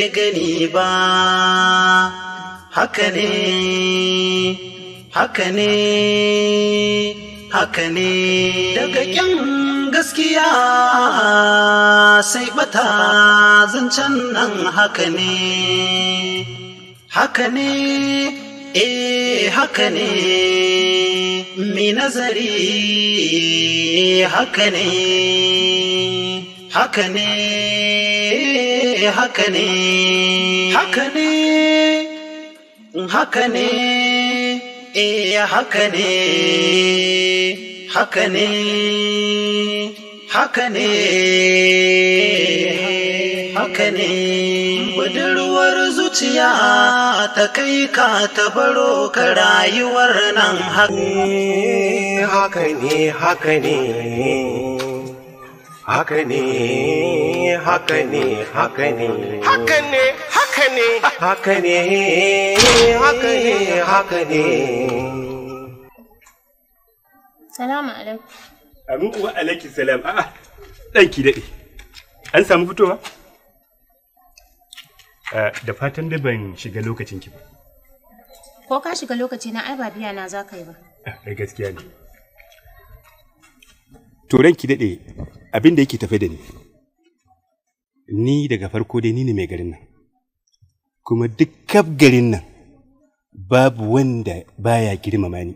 ki gani ba haka ne haka ne haka ne daga kyan gaskiya sai bata zancen nan haka ne haka ne eh haka ne mi nazari haka ne haka ne eh haka ne haka ne mm, haka ne eh haka ne haka ne haka ne eh, haka ne budurwar zuciya ta kai ka ta baro ka rayuwar nan haka ne eh, haka ne haka ne haka ne haka ne haka ne haka ne salamu alaikum amin uwa alaiki salam a'a ah, ɗanki daɗe an samu fitowa ah, da fatan da ban shiga lokacin ki ba ko ka shiga lokaci na ai ba biya na za ka yi ba ah, gaskiya ne to ranki daɗe abin da yake tafe da ni ni daga farko dai ni ne mai garin nan kuma duk kaf garin nan babu wanda baya girmama ni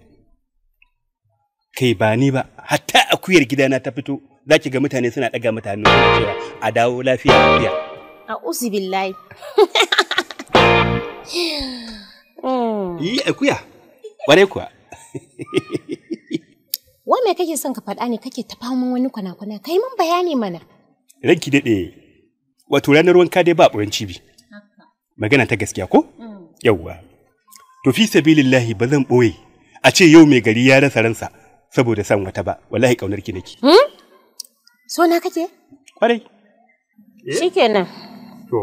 kai ba ni ba hatta akuyar gida na ta fito za ki ga mutane suna ɗaga mutane cewa a dawo lafiya lafiya a uzu billahi yi akuya ƙwarai kuwa me kake son ka faɗa ne kake ta faman wani kwana-kwana kai mun bayani mana ranki daɗe wato ranar wanka dai ba ɓuran cibi magana ta gaskiya ko mm. yawwa to fi sabilillahi ba zan ɓoye a ce yau mai gari ya rasa ransa saboda san wata ba wallahi kaunar ki nake hmm? so na kake kwarai eh? shikenan to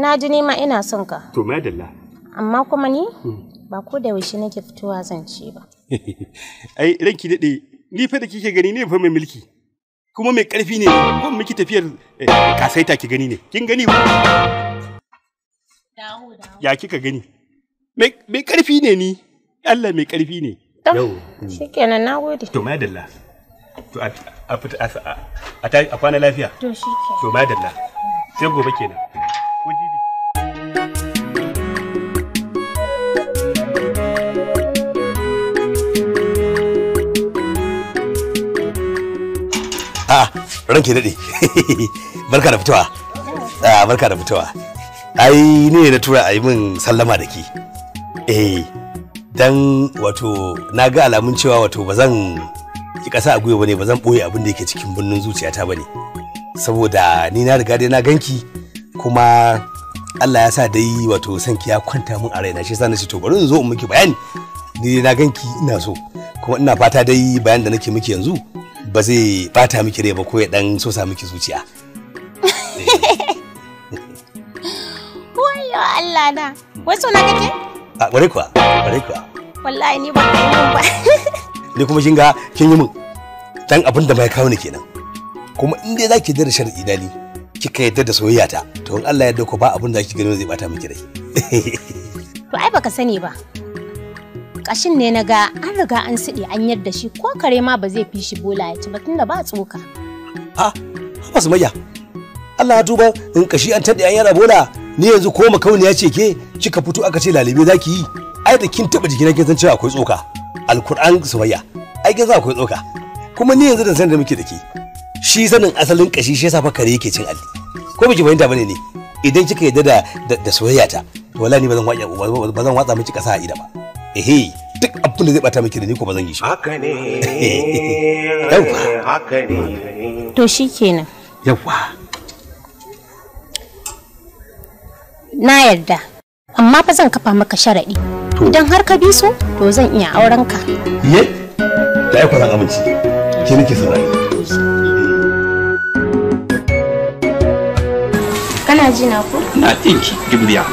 na ji ma ina son ka to madalla amma kuma ni hmm. ba ko da yaushe nake fitowa zance ba ai ranki daɗe ni fa da kike gani ne fa mai milki kuma mai karfi ne ko miki tafiyar eh, kasaita ki gani ne kin gani ko ya kika gani mai karfi ne ni Allah mai karfi ne yau shikenan nagode to mai dalla to a fita a kwana lafiya to shikenan to mai dalla sai gobe kenan ke daɗe barka da fitowa ah, barka da fitowa ai ne na tura a yi min sallama da ke eh dan wato na ga alamun cewa wato ba zan ki ƙasa a gwiwa ba ne ba zan ɓoye abin da yake cikin birnin zuciyata ba ne saboda ni na riga dai na ganki kuma Allah ya sa dai wato sanki ya kwanta min a raina shi yasa na ce to bari in zo in miki bayani ni na ganki ina so kuma ina fata dai bayan da nake miki yanzu ba zai bata miki rai ba ko ya dan so sa miki zuciya ya Allah na wai suna kake a bare kuwa bare kuwa wallahi ni ba ba ni kuma kin ga kin yi min dan abin da mai kawo ni kenan kuma in dai zaki da sharadi dali kika yarda da soyayya ta to in Allah ya dauko ba abin da zaki gani zai bata miki rai to ai baka sani ba kashin ne na ga an riga an siɗi an yadda shi ko kare ma ba zai fi shi bola ya ci ba tunda ba tsoka. Ha, ba su maya. Allah ya tuba in kashi an taɗe an yara bola ni yanzu ko ya ce ke cika fito aka ce lalibe za ki yi. Ai da kin taɓa jikin kin san cewa akwai tsoka. Alkur'an su maya. Ai kin san akwai tsoka. Kuma ni yanzu da san da muke da ke. Shi sanin asalin kashi shi yasa fa kare yake cin alli. Ko biki fahimta bane ne. Idan kika yarda da soyayya ta. Wallahi ni ba zan watsa miki kasa a ida ba. ehe duk abin da zai bata miki da ni ko ba zan yi shi haka ne yawa haka ne to shikenan yawa na yarda amma fa zan kafa maka sharaɗi idan har ka bi su to zan iya auren ka ye da aiko zan amince ke nake saurari kana ji na ko na tinki gibiya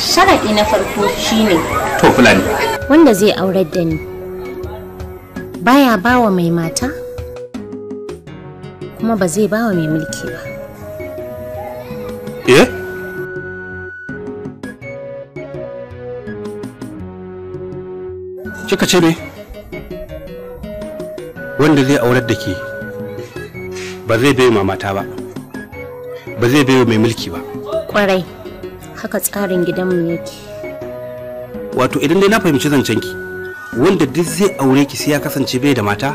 sharaɗi na farko shine to fulani wanda zai aurar da ni baya bawa mai mata kuma ba zai bawa mai mulki ba eh kika ce ne wanda zai aurar da ke ba zai bai mamata ba ba zai bai mai mulki ba kwarai haka tsarin gidanmu yake wato idan dai na fahimci zancen ki, wanda duk zai aure ki sai ya kasance bai da mata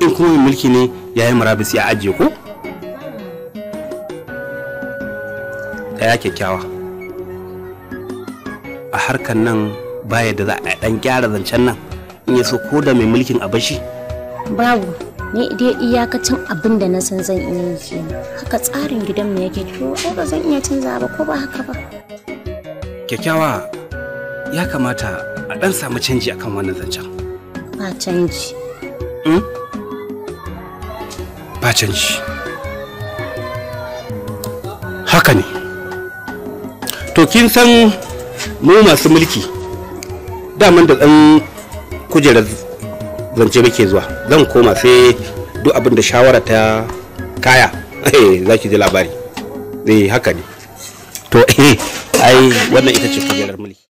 in kuma mai mulki ne yayi murabus a ajiye ko ɗaya kyakkyawa a harkar nan baya da za a ɗan gyara zancen nan in ya so ko da mai mulkin a bashi babu ne dai iyakacin abin da na san zan iya yi haka tsarin gidan mu yake to ai ba zan iya canza ba ko ba haka ba kyakkyawa ya kamata a dan samu canji akan wannan zancen ba canji hmm? ba canji haka ne to kin san mu masu mulki daman da ɗan kujerar zance muke zuwa zan koma sai duk abin da shawara ta kaya eh, za zaki ji labari eh haka ne to eh, ai wannan ita ce kujerar mulki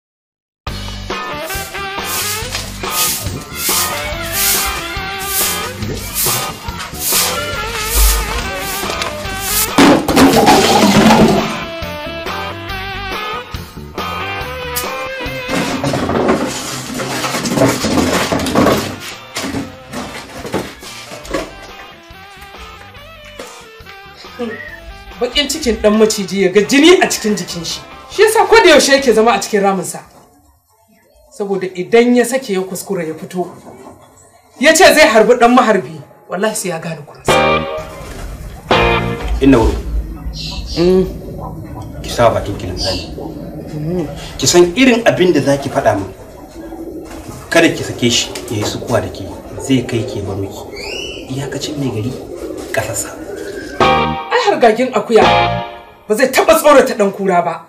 cikin dan maciji ya ga jini a cikin jikin shi shi yasa ko da yaushe yake zama a cikin sa saboda idan ya sake ya kuskura ya fito ya ce zai harbi dan maharbi wallahi sai ya gane sa inna wuri mm. ki sa bakin kilin zani ki san irin abin da zaki faɗa min kada ki sake shi ya yi sukuwa da ke zai kai ke maro miki iyakacin mai gari ƙasasa magagin akuya ba zai taɓa tsorata ɗan kura ba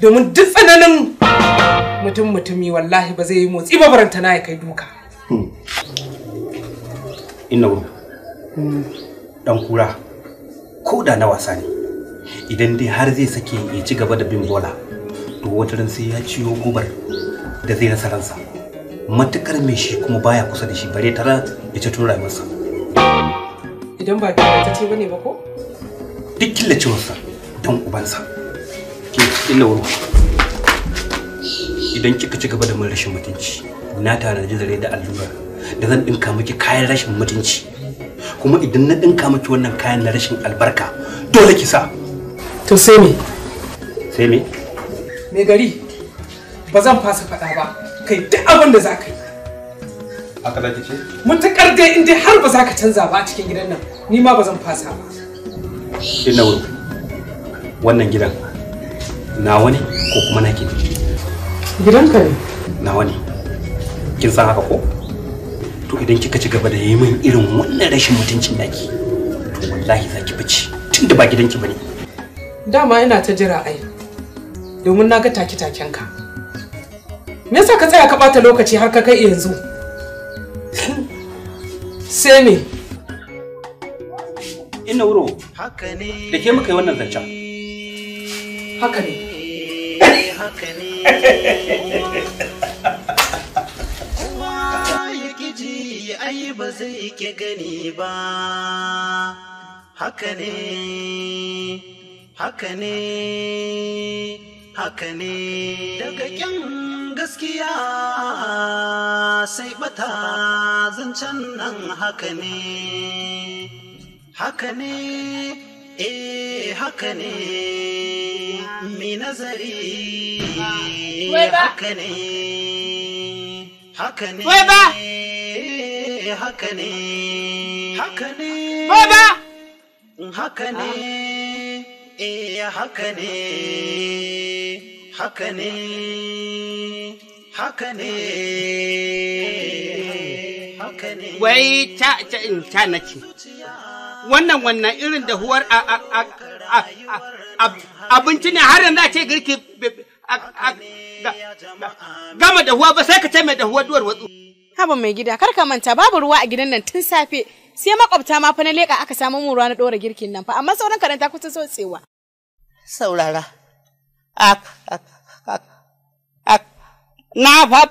domin duk tsananin mutum mutumi wallahi ba zai yi motsi ba baranta na ya kai duka. Hmm. Inna ɗan kura ko da na wasa ne idan dai har zai sake ya ci gaba da bin bola to wata ran sai ya ciyo gubar da zai rasa ransa matukar mai shi kuma baya kusa da shi bare tara ya ci tura masa. Idan ba ta ce bane ba ko? duk killacewarsa don ubansa ke illa idan kika ci gaba da mun rashin mutunci na tanaji zare da allura da zan dinka miki kayan rashin mutunci kuma idan na dinka miki wannan kayan na rashin albarka dole ki sa to sai me sai me me gari ba zan fasa faɗa ba kai duk abin da za ka yi haka za ki ce mutakar dai in dai har ba za ka canza ba a cikin gidan nan ni ma ba zan fasa ba ina wannan gidan nawa ne ko kuma Gidan gidanka ne nawa ne kin san haka ko to idan kika ci gaba da yi min irin wannan rashin mutuncin naki to wallahi za ki bace da ba gidanki bane dama ina ta jira ai domin na ga take-taken ka me yasa ka tsaya ka bata lokaci har ka kai yanzu sai ne. ina wuro da ke muka yi wannan zancen haka ne eh, haka ne ya ai ba zai ke gani ba haka ne haka ne haka ne daga kyan gaskiya sai bata zancen nan haka ne haka ne eh haka ne mi nazari haka ne haka ne eh, haka ne haka ne haka ne eh haka ne haka ne haka ne haka ne wai ta ta ta nace wannan wannan irin da huwar abinci ne har yanzu a ce girki gama da huwa ba sai ka ce mai da huwa duwar watsu. Haba mai gida kar ka manta babu ruwa a gidan nan tun safe sai makwabta ma fa na leƙa aka samu mu ruwa na ɗora girkin nan fa amma sauran karanta kusa so tsewa. Saurara. Na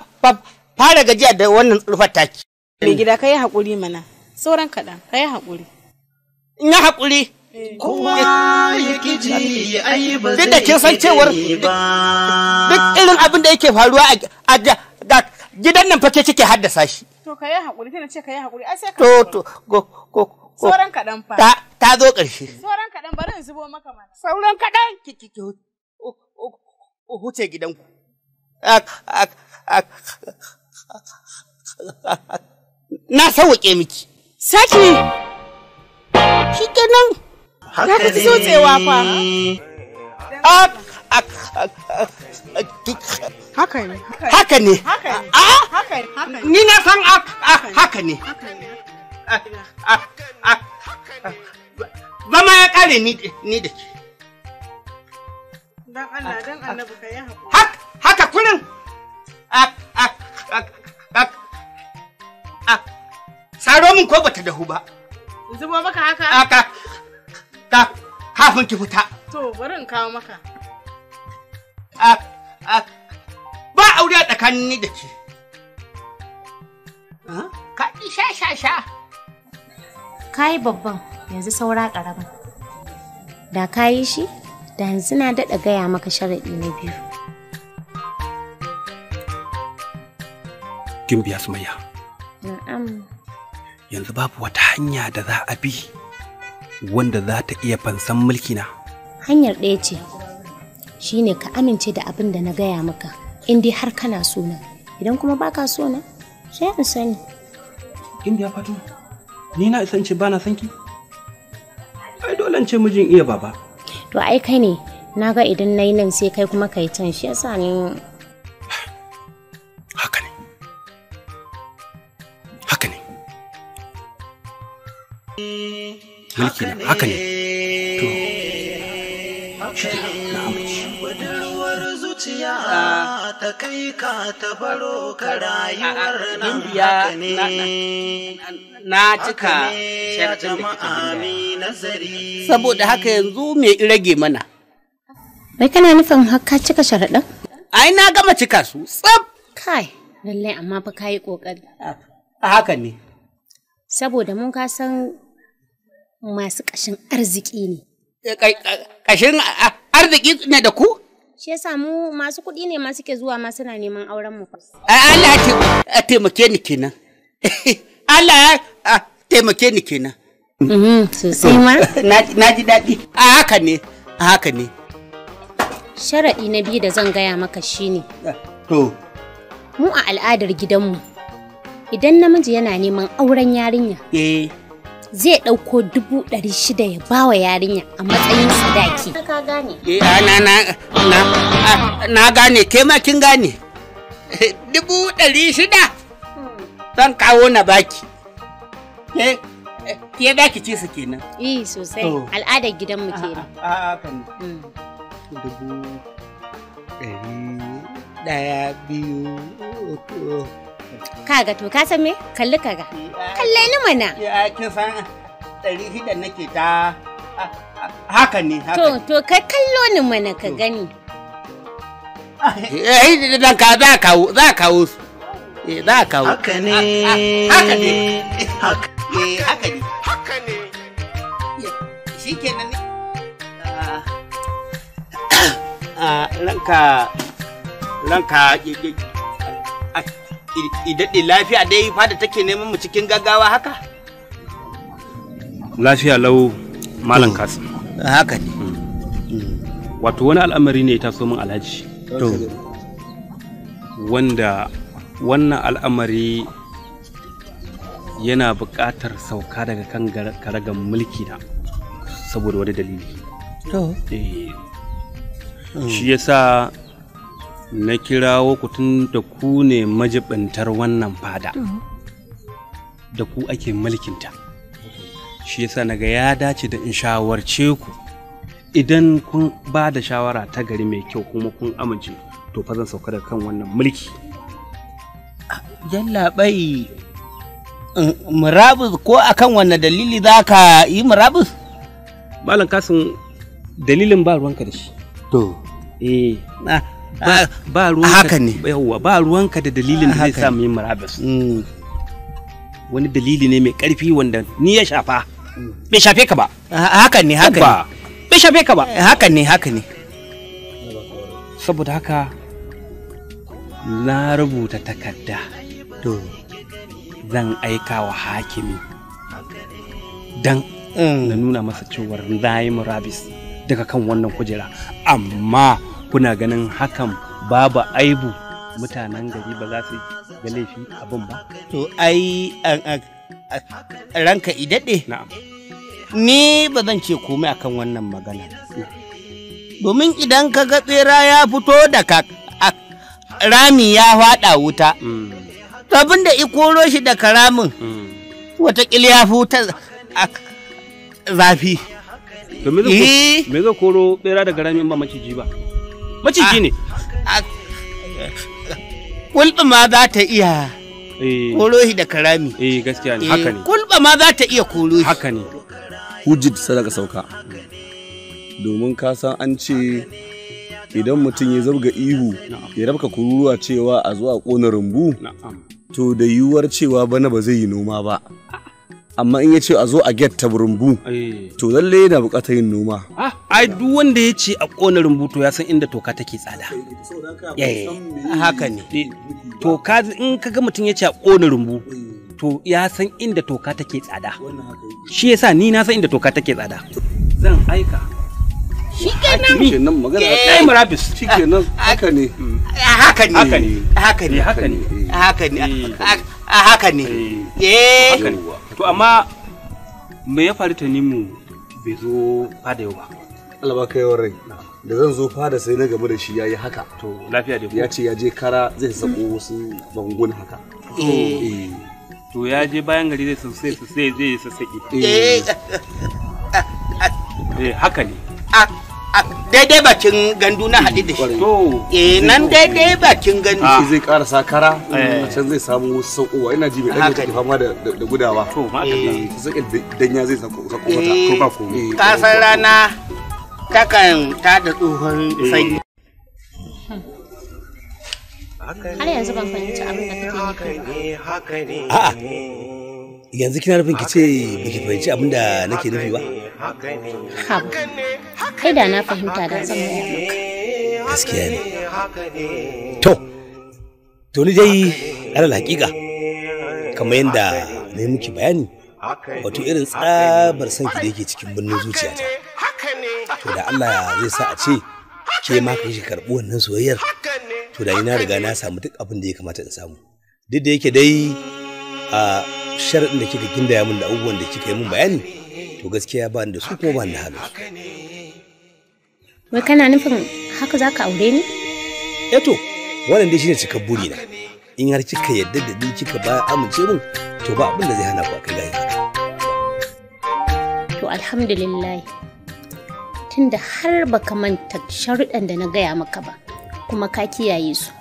fara gajiya da wannan tsurfar taki. Mai gida ka yi haƙuri mana sauran kaɗan ka yi haƙuri. in ya haƙuri Kowa ya kiji ayi ba duk da kin san cewar duk irin abin da yake faruwa a ga gidan nan fa ke kike haddasa shi to ka yi haƙuri tana ce ka yi haƙuri ai sai ka to to go go go. sauran kaɗan fa ta zo ƙarshe sauran kaɗan bari in zubo maka ma. sauran kaɗan ki ki ki huce gidanku na sauwaƙe miki saki shi kenan ya ka ci tsotsewa fa haka ne ni na san haka ne zama ya kare ni da ke haka haka saro min ko bata dahu ba zubo maka haka haka ah, ka kafin ki fita to bari in kawo maka ah, ah, ba aure a tsakanin ni da ke ka ɗi sha sha sha ka yi babban yanzu saura ƙaramin da ka yi shi da yanzu na daɗa gaya maka sharaɗi na biyu kin biya sumayya yanzu babu wata hanya da za a bi wanda za ta iya fansan mulkina. Hanyar ɗaya ce, shi ne ka amince da abin da na gaya maka, in dai har kana so na, idan kuma baka so na, sai in sani. ya fato, ni na isan ce ba na ki? Ai dole ce mijin iya baba. To ai kai ne, na ga idan na yi nan sai kai kuma ka yi can shi yasa ni mulki na haka ne to zuciya na cika sharatun da kike saboda haka yanzu mai rage mana Mai kana nufin haka cika sharaɗin? Ai na gama cika su tsab. Kai, lallai amma fa ka yi ƙoƙari. A haka ne. Saboda mun ka san masu ƙashin arziki ne. Eh, ƙashin arziki ne da ku? Shi yasa mu masu kuɗi ne masu ke zuwa ma suna neman auren mu. Allah ya taimake ni kenan. Allah ya taimake ni kenan. Mm-hmm, sosai ma. Na ji daɗi. A haka ne, a haka ne. Sharaɗi na biyu da zan gaya maka ne. Ah, to. Mu a al'adar gidanmu, idan namiji yana neman auren yarinya. Eh. zai ɗauko dubu ɗari shida ya ba wa yarinya a matsayin sadaki. Eh, ah, ah, na gane ke ma kin gane. Eh, dubu ɗari shida hmm. zan kawo na baki. Ke eh, daki ki ci su kenan. Eh sosai al'adar gidanmu ah, kenan. A'a kan. Hmm. Dubu ɗari ɗaya biyu kaga to ka san me kalli kaga kalle ni mana ya kin san dari hidan nake ta haka ne haka to to kai kallo ni mana ka gani eh dan ka za ka za ka wo eh za ka wo eh, haka ne haka ne haka ne haka ne haka ne shikenan ne ranka ranka daɗe lafiya dai fada take neman mu cikin gaggawa haka? Lafiya lau malam kasu. Haka ne. Hmm. Wato wani al'amari ne ta so min alhaji. Wanda wannan al'amari yana buƙatar sauka daga kan karagan mulki na saboda wani dalili. To. Eh. Hmm. Shi yasa na kirawo ku tun da ku ne majibantar wannan fada da ku ake mulkinta shi yasa naga ya dace da in shawarce ku idan kun ba da shawara ta gari mai kyau kuma kun amince to fa zan sauka da kan wannan mulki bai mm, murabus ko akan wanne dalili za ka yi murabus malam kasin dalilin ba ruwanka da shi to eh na ah, ba ruwan haka ne yawa ba ruwanka da dalilin da zai sa mu yin murabus mm. wani dalili ne mai karfi wanda ni ya shafa mm. bai shafe ka ba haka ne haka ne bai shafe ka ba eh, haka ne haka ne saboda haka na rubuta takarda to zan aika wa hakimi dan mm. na nuna masa cewar na murabis daga kan wannan kujera amma kuna ganin hakan babu aibu mutanen gari ba za su ga laifi abin ba to ai ranka idade ni ba zan ce komai akan wannan magana domin idan ka ga tsira ya fito da ka rami ya faɗa wuta mm. abin da ikoro shi da karamin mm. watakila ya fita zafi me zai koro bera daga ramin ba maciji ba maciji ah, ne ah, ah. kulɓa ma za ta iya eh. korohi da karami eh gaskiya ne eh, haka ne kulɓa ma za ta iya korohi haka ne hujjid sadaka sauka domin ka san an ce idan mutum ya zabga ihu ya rabka kururuwa cewa a zuwa ƙona rumbu to da yiwuwar cewa bana ba zai yi noma ba amma in ya ce a zo a get ta rumbu eh. to lalle yana bukatar yin noma ah, ai duk wanda ya ce a kona rumbu to ya san inda toka take tsada eh, eh, haka ne toka in kaga mutum ya ce a kona rumbu to ya san inda toka take tsada shi yasa ni na san inda toka take tsada zan aika shikenan magana kai murabis shikenan haka ne haka ne haka ne haka ne haka ne haka ne ne to amma me ya faru tanimu bai zo fada yau ba Allah ba kai rai da zan zo fada sai na gaba da shi yayi haka to lafiya da ya ce ya je kara zai sako wasu bangun haka eh to ya je bayan gari zai sosai sosai zai sassaki eh. eh haka ne ah. daidai bakin gandu na haɗu da shi eh nan daidai bakin gandu shi ah. zai ƙara sakara eh. a can zai samu sauƙowa ina ji mai ɗan fama da gudawa to sai eh. danya zai sako mata eh, to ba komai kasar rana takan ta da tsohon sanyi har yanzu ban fahimci abin da kake nufi ba yanzu kina nufin ki ce biki fahimci abin da nake nufi ba kai da na fahimta da zan yi gaskiya ne to to ni dai alal hakika kamar yadda na yi miki bayani wato irin tsabar san ki da yake cikin birnin zuciyata to da Allah zai sa a ce ke ma kai shi karɓi wannan soyayyar to da ni na riga na samu duk abin da ya kamata in samu duk da yake dai a ah, sharaɗin da kika gindaya min da abubuwan da kika yi min bayani to gaskiya ba ni da su kuma ba ni da halin wai kana nufin haka za ka aure ni eto eh wannan dai shine cikar buri na in har kika yadda da ni kika ba amince min to ba abin da zai hana ku akai gani to alhamdulillah tunda har baka manta sharuɗan da na gaya maka ba kuma ka kiyaye su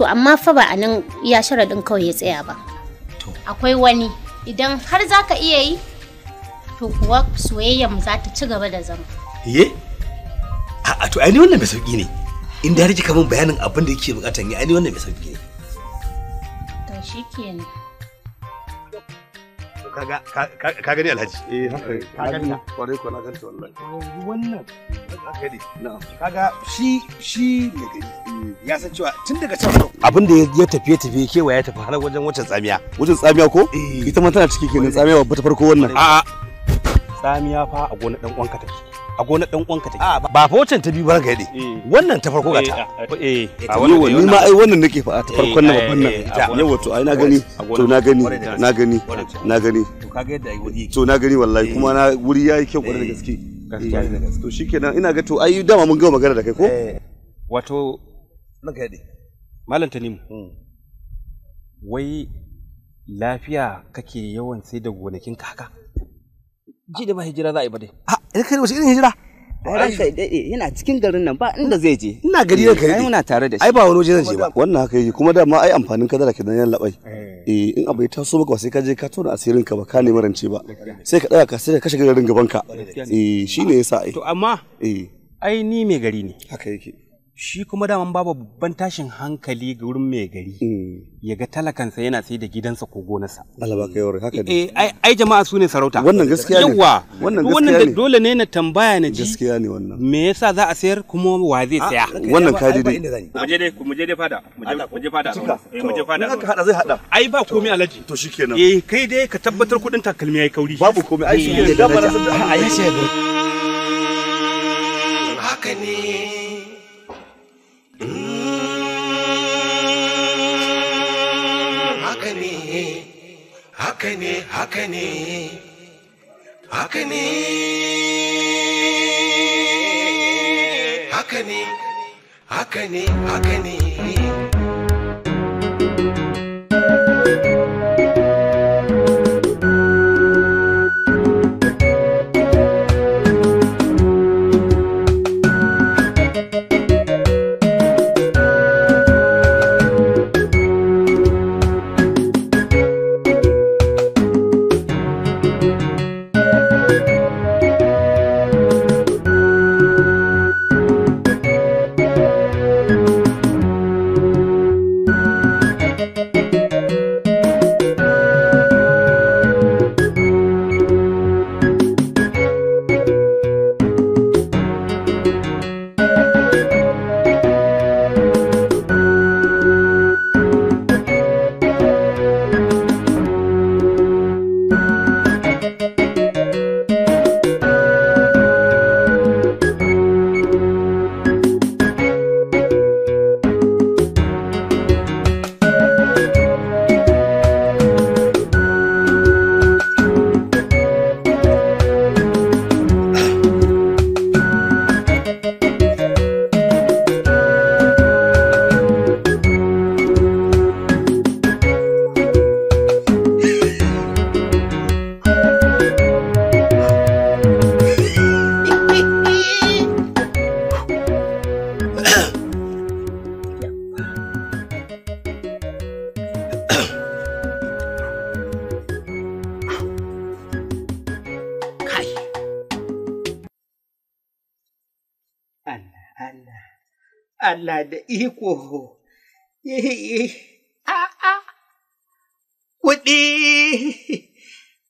to amma fa ba a nan iya sharaɗin kawai ya tsaya ba akwai wani idan har za ka iya yi to kuwa soyayyar za ta ci gaba da zama ye a to ainihin wannan mai sauƙi ne in da ya rike bayanin abin da yake bukatan yi ainihin wannan mai sauki ne to kenan. ka ni alhaji eh haka ka gani kwarai ko na ganta wallahi oh, wannan haka ne kaga shi shi ne gani eh, ya san cewa tun daga can abin da ya tafiye tafiye kewa ya tafi har wajen wajen tsamiya wajen tsamiya ko eh. ita ma tana ciki kenan tsamiya babba ta farko wannan a'a tsamiya fa a gonar dan uwanka take a gonar dan uwanka take ah, ba fa wancan ta biyu ba ga dai eh. wannan ta farko ga eh, ta ah, ah. eh yawa ni ma ai wannan nake fa ta eh, farkon na babban nan ya to ai na gani to na gani na gani na gani to kaga yadda ai wuri to na gani wallahi kuma na wuri yayi kyau kwarai da gaske to shikenan ina ga to ai dama mun gama magana da kai ko wato na ga malam tanimu hmm. wai lafiya kake yawan sai da gonakin kaka ji da ba hijira za a yi ba dai Idan kai wasu irin hijira? ranka daɗe yana cikin garin nan ba inda zai je ina gari ranka yi muna tare da shi ai ba wani waje zan je ba wannan haka yi kuma dama ai amfanin ka da kidan yan labai eh. eh in abu ta so maka sai ka je ka tona asirin ka ba ka nemi rance ba sai ka daga ka sai ka shiga garin gaban ka eh shine yasa ai to amma eh ai ni mai gari ne haka yake shi kuma daman babu babban tashin hankali ga wurin mai gari mm. ya ga talakansa yana sai da gidansa ko gonarsa alaba kai yau haka ne eh ai jama'a su ne sarauta wannan gaskiya ne Yawwa. wannan gaskiya ne dole ne na tambaya na ji gaskiya ne wannan me yasa za a sayar kuma wa zai ah, saya wannan ka dai mu je dai mu je dai fada mu je fada eh mu je fada haka hada zai hada ai ba komai alaji to shikenan eh kai dai ka tabbatar kudin takalmi yayi kauri babu komai ai shi ne eh, da ba a yi shi haka ne haka ne haka ne haka ne haka ne haka ne haka ne Allah da iko, a'a, kuɗi,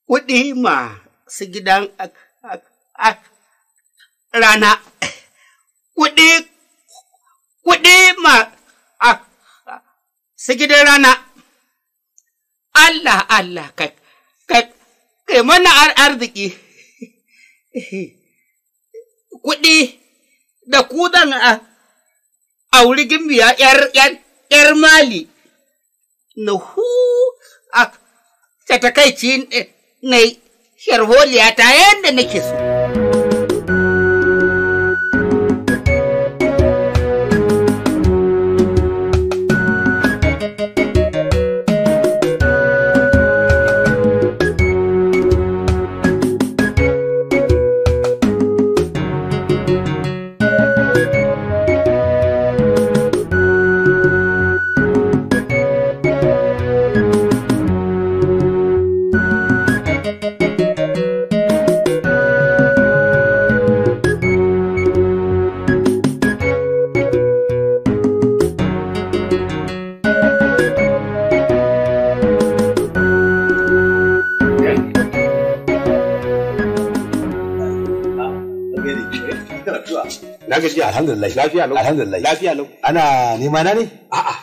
kuɗi ma su gidan rana, kuɗi, kuɗi ma su gidan rana, Allah, Allah, kai mana arziki, kuɗi da kudan a auri gimbiya ‘yar mali, na hu a ta takaici eh, na sharholiya ta yadda nake so. alhamdulillah lafiya lau alhamdulillah lafiya lau ana nema na ne a'a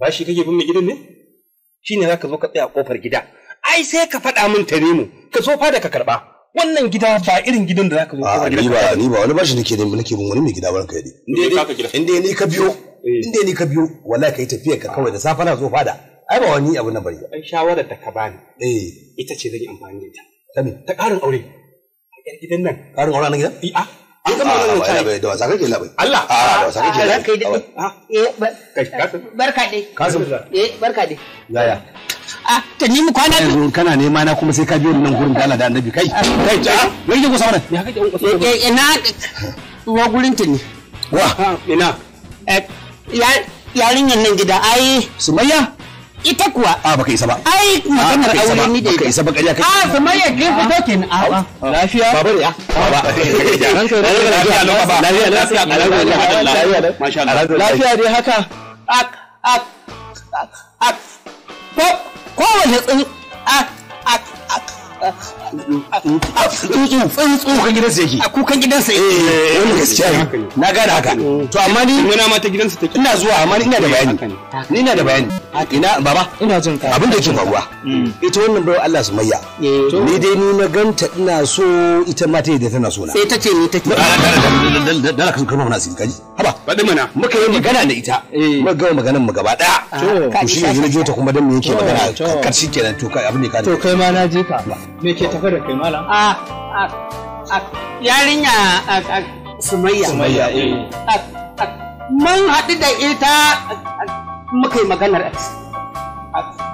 ba shi kake bin mai gidan ne shine zaka zo ka tsaya kofar gida ai sai ka faɗa min ta nemo ka zo fa da ka karba wannan gida ba irin gidan da zaka zo ka ni ba ni ba wani bashi nake nemi nake bin wani mai gida barka dai inda ni ka biyo eh. inda ni ka biyo wallahi kai tafiya ka kawai da safa na zo fada ai ba wani abu na bari ai shawarar da ka bani eh ita ce zan yi amfani da ita ta ƙarin aure a gidan nan ƙarin aure nan gidan eh, a an gama ah, wannan tare da wasa kake labai Allah ah, da wasa kake ah, labai kai eh, barka dai kasim eh barka dai yaya a ta nemi kwana biyu kana nema na kuma sai ka biyo nan gurin da Allah da annabi kai kai ja me yake kusa wannan eh, me eh, ina wa gurin ta ne wa ina yarinyar nan gida ai sumayya ita kuwa a baka isa ba ai maganar aure ni da baka isa ba kariya kai a kuma ya ke fito a lafiya baba ya baba lafiya baba lafiya lafiya lafiya masha Allah lafiya dai haka ak ak ak ko wani tsin ak ak ak tsuntsu tsuntsu kukan gidansa yake a kukan gidansa yake eh wannan gaskiya ne na gane haka to amma ni ina ma ta gidansa take ina zuwa amma ni ina da bayani ni ina da bayani ina baba ina jin ka abin da yake faruwa mm. ita wannan bai Allah su mayya eh, ni dai ni na ganta ina so ita ma ta yi da tana so na sai ta ce ni ta take dala kan kano na sin kaji haba faɗi mana muka yi magana da ita eh. muka ga maganar mu gaba daya ah. to shi ne na jota kuma dan me yake magana karshe kenan to kai abin ne ka to kai ma na je ka me ke ta kusa da kai malam a a yarinya ah. sumayya sumayya eh Ah, ah. mun haɗu da ita muka yi maganar Ah.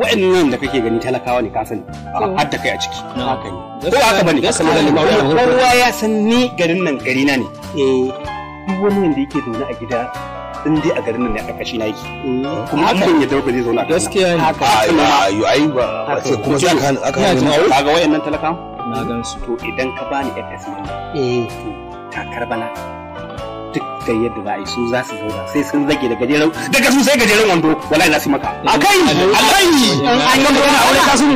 wa'annan da kake gani talakawa ne ka sani har da kai a ciki haka ne ko haka bane kowa ya san ni garin nan gari na ne eh duk wani wanda yake zaune a gida in dai a garin nan ne a ƙarƙashi na yake mm. kuma hakan ya dauka zai zauna a gaskiya ne haka ayo ai ba sai kuma zan kan aka hana kaga wa'annan talakawa na gan su to idan ka bani FS ne eh to takar bana dukkan yadda za a yi su za su zauna sai sun zage da gajeren daga su sai gajeren wando wallahi za su maka akai akai an yi mana aure ka su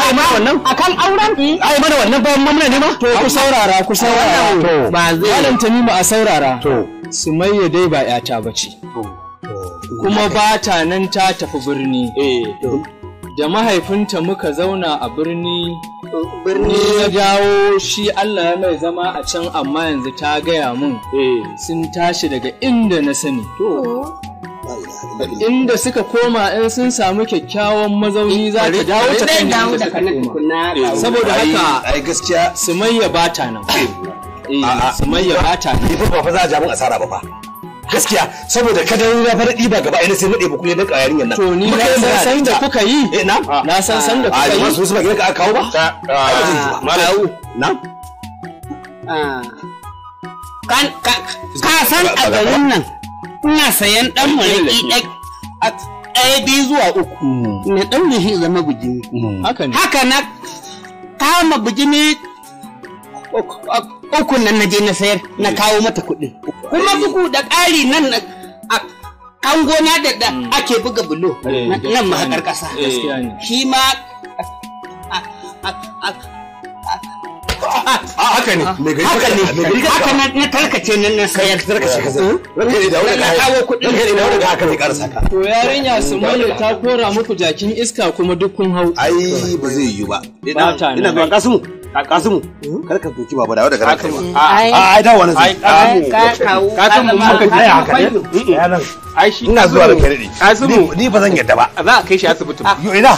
ai ma wannan akan auren ai mana wannan ba mamna ne ma to ku saurara ku saurara to ba zai malam tamimu a saurara to sumayya dai ba yata bace kuma ba ta nan ta tafi birni eh da mahaifinta muka zauna a birni birni ya dawo shi Allah ya mai zama a can amma yanzu ta gaya mun eh. sun tashi daga inda na sani oh. inda suka koma in sun samu kyakkyawan mazauni za ta dawo ta kan eh, saboda haka ai gaskiya sumayya bata nan eh. sumayya bata ne ba fa za a ja mun asara ba fa gaskiya saboda kada na fara diba gaba ina sai na ɗeba kuɗi na ƙayarin yannan to ni na san da kuka yi eh, na na san ah, san da kuka yi a su ba gidanka aka kawo ba ah, malau na ah. kan ka san a garin nan ina sayan dan mulki ɗaya biyu zuwa uku dan hmm. ɗan shi zama bijimi hmm. haka na kama bijimi ukun nan na je na sayar na kawo mata kuɗi. kuma bugu da ƙari nan a kan gona da da mm. ake buga bulo eh, nan mahaƙar ƙasa eh, shi ma haka ne haka ne haka na tarkace nan na sayar tarkace ka zai mm. na wani kawo kudin ranka da haka ne rika ka to yarinya Sumaila ta kora muku jakin iska kuma duk kun hau ai ba zai yi ba ina ba kasumu a kasimu hmm? kar ka doki baba dawo daga ranka a a da wani zai kasimu kasimu haka ne haka ne ai shi ina zuwa da kai dade asibu ni ba zan yadda ba za a kai shi asibiti yo ina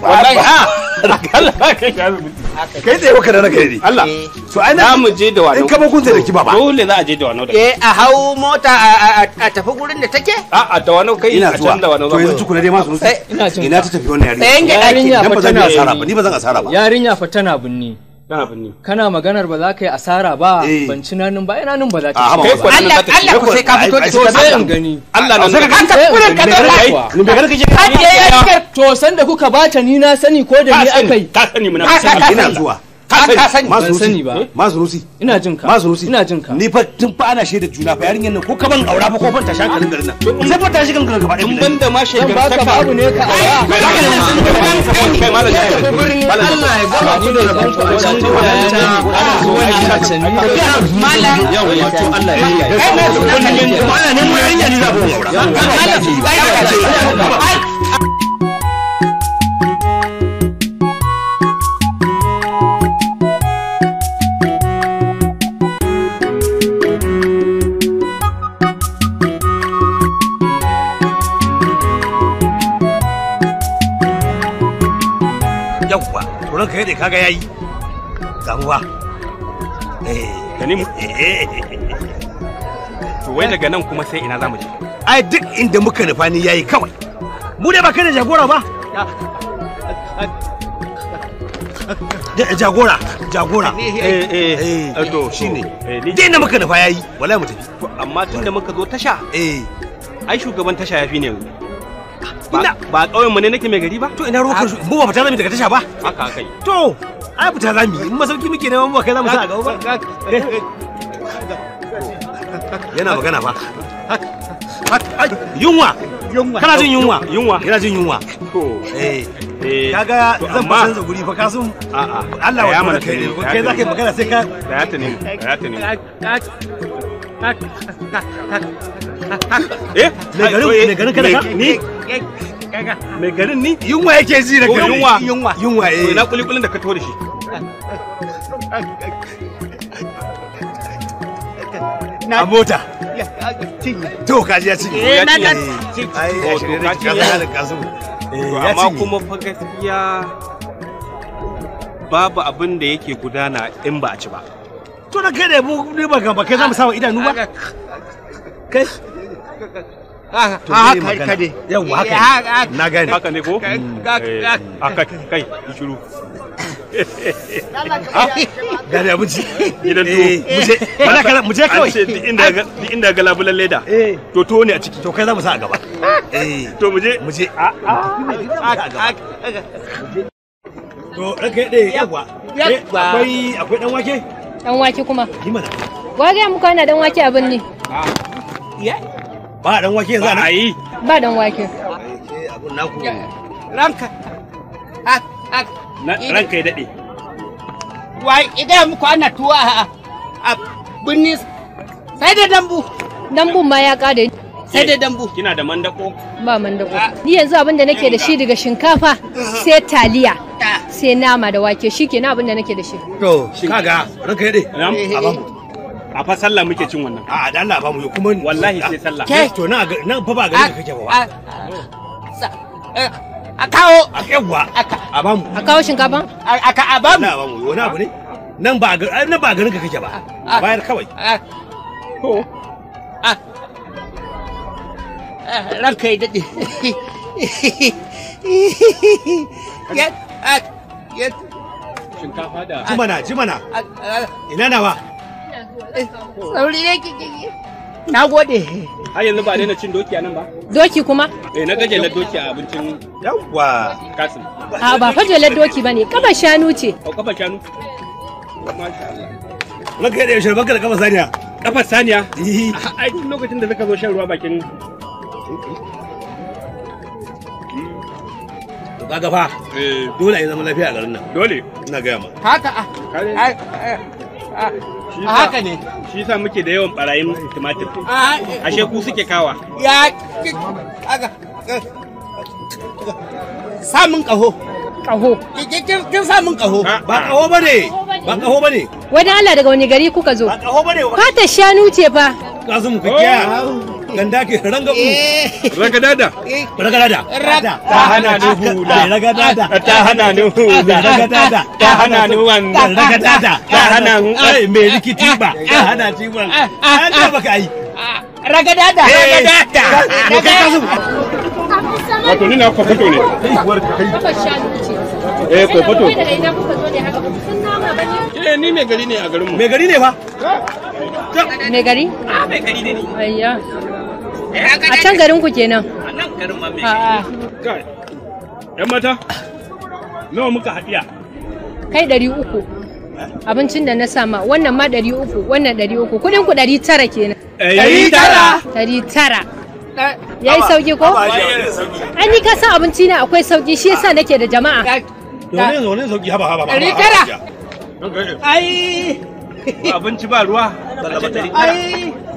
wallahi a kallon kai shi asibiti kai tsaye baka da na kai Allah so eh. ai na mu je da wannan in ka ba kun da kiba ba dole za a je da wannan eh a hau mota a tafi gurin da take a a da wannan kai ina zuwa to yanzu tukuna dai ma su eh, ina ta tafi wannan yarinya eh, yarinya fa tana asara ba ni ba zan asara ba yarinya fa tana binni kana maganar ba za ka yi asara ba ban ci nanin ba ina nan ba za ka yi Allah Allah ko sai ka fito da to sai in gani Allah na sai ka kula ka da kai mun da kake ka to san da kuka bata ni na sani ko da ni akai ka sani mun na sani ina zuwa ka sani ban sani ba mazurusi ina jin ka mazurusi ina jin ka ni fa tun fa ana shaida juna fa yarinyar nan ko ka ban aura fa ko ban tashi hankalin garin nan sai fa tashi kan gaba ɗaya ban da ma shaidar ta ka abu ne ka aura kai malam ya Allah ya gaba ni da rabon ku a can ta ana zuwa ne ka can malam ya wato Allah ya yi kai ne malam ne mu ni za ku aura kaga yayi zamuwa Tanimu? Eh. Eh. To wai daga nan kuma sai ina zamu je? Ai duk inda muka nufa ni yayi kawai. Mu dai ba kana jagora ba. Jagora, jagora. Eh eh. eh to shine. Dai na muka nufa yayi, wallahi mu tafi. Amma tunda muka zo tasha? Eh. Ai shugaban tasha yafi ne yanzu. ba ƙauyen mu ne nake mai gari ba to ina roƙar mu ba fita zamu daga tasha ba haka kai to ai fita zamu in masauki muke neman mu kai zamu sa a gaba yana magana ba yunwa kana jin yunwa yunwa yana jin yunwa eh. eh kaga zan ba canza guri fa kasum a'a Allah ya mana kai kai zaka magana sai ka da ya tani da ya tani mai garin ni yunwa yake ji daga oh, yunwa yunwa yunwa eh na kulikulin da ka tore shi a mota eh, eh, to ya ai ya da kasa da kasu amma kuma fa gaskiya babu abin da yake gudana in ba a ci ba to da kai da ne ba ga ba kai za mu ah, sa idanu ba kai Ah, haka dai yawa haka na gane haka ne ko haka eh, ah, kai shiru gane abinci gidan tuwo eh, mu je kawai duk inda ga labulan leda eh. to tuwo ne a ciki to kai za mu sa a gaba to mu je mu je to ranka dai yawa akwai akwai dan wake dan wake kuma yi mana wa ga muku ana dan wake abin ne ah. ba dan wake za a yi ba dan wake ranka naku ranka ranka ya dade wa idan muku ana tuwa a birni sai da dambu dambun ma ya kada sai da dambu kina da mandako ba mandako ah. ni yanzu abin da nake da shi daga shinkafa uh-huh. sai taliya ah. sai nama da wake shikenan abin da nake da shi to kaga ranka ya dade a bamu a fa sallah muke cin wannan a da Allah ba mu kuma wallahi sai sallah ke to na nan fa ba gari kake ba a kawo a yawa a ba mu a kawo shinkafa a ka a ba mu na ba mu wani abu ne nan ba nan ba garin ka kake ba bayar kawai ko a ranka ya dade ya ya shinkafa da jimana jimana ina nawa Sauri ne kike yi. Na gode. a yanzu ba daina cin doki a nan ba? Doki kuma? Eh na gajelar doki a abincin Yawwa. Kasim. A ba fajelar doki ne kafa shanu ce. O kafa shanu. Masha Allah. yadda baka da kafa saniya. Kafa saniya? lokacin da zo shan ruwa bakin eh. dole ya zama lafiya a garin nan dole ina gaya ma haka ah, a a haka ne shi sa muke da yawan barayin tumatir ashe ku suke kawa ya kaga samun kaho kaho kin samun kaho ba kaho bane ba kaho bane wani Allah daga wani gari kuka zo ba kaho bane fatar shanu ce fa kazum ka oh. kiya ganda ke ragadada eh. eh. ragadada ta hana ni hula ragadada ta hana ni hula ragadada ta hana ni wanda ragadada ta hana ai me rikiti ba eh. ta hana ti ah, ah, ah. ba an da baka yi ragadada wato ni na ku fito ne eh ku fito eh ni me gari ne a garin mu me gari ne fa me gari a me gari ne ni ayya a can garin ku kenan a nan garin ma mai yan mata nawa muka haɗiya kai ɗari uku abincin da na sama wannan ma ɗari uku wannan ɗari uku kuɗin ku ɗari tara kenan eh, ɗari tara ɗari tara eh, ya yi sauki ko? An yi kasan abinci na akwai sauƙi shi yasa nake da jama'a. Zaune zaune sauƙi haba haba. Ɗari tara. Ai. Abinci ba ruwa. ɗari tara.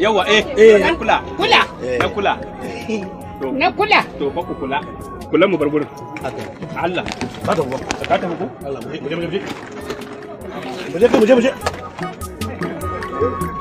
yawa eh eh, eh kula kula na eh. kula na kula to ba ku kula kula mu bar Allah ba ba ka ta ko Allah mu je mu je mu je mu je mu je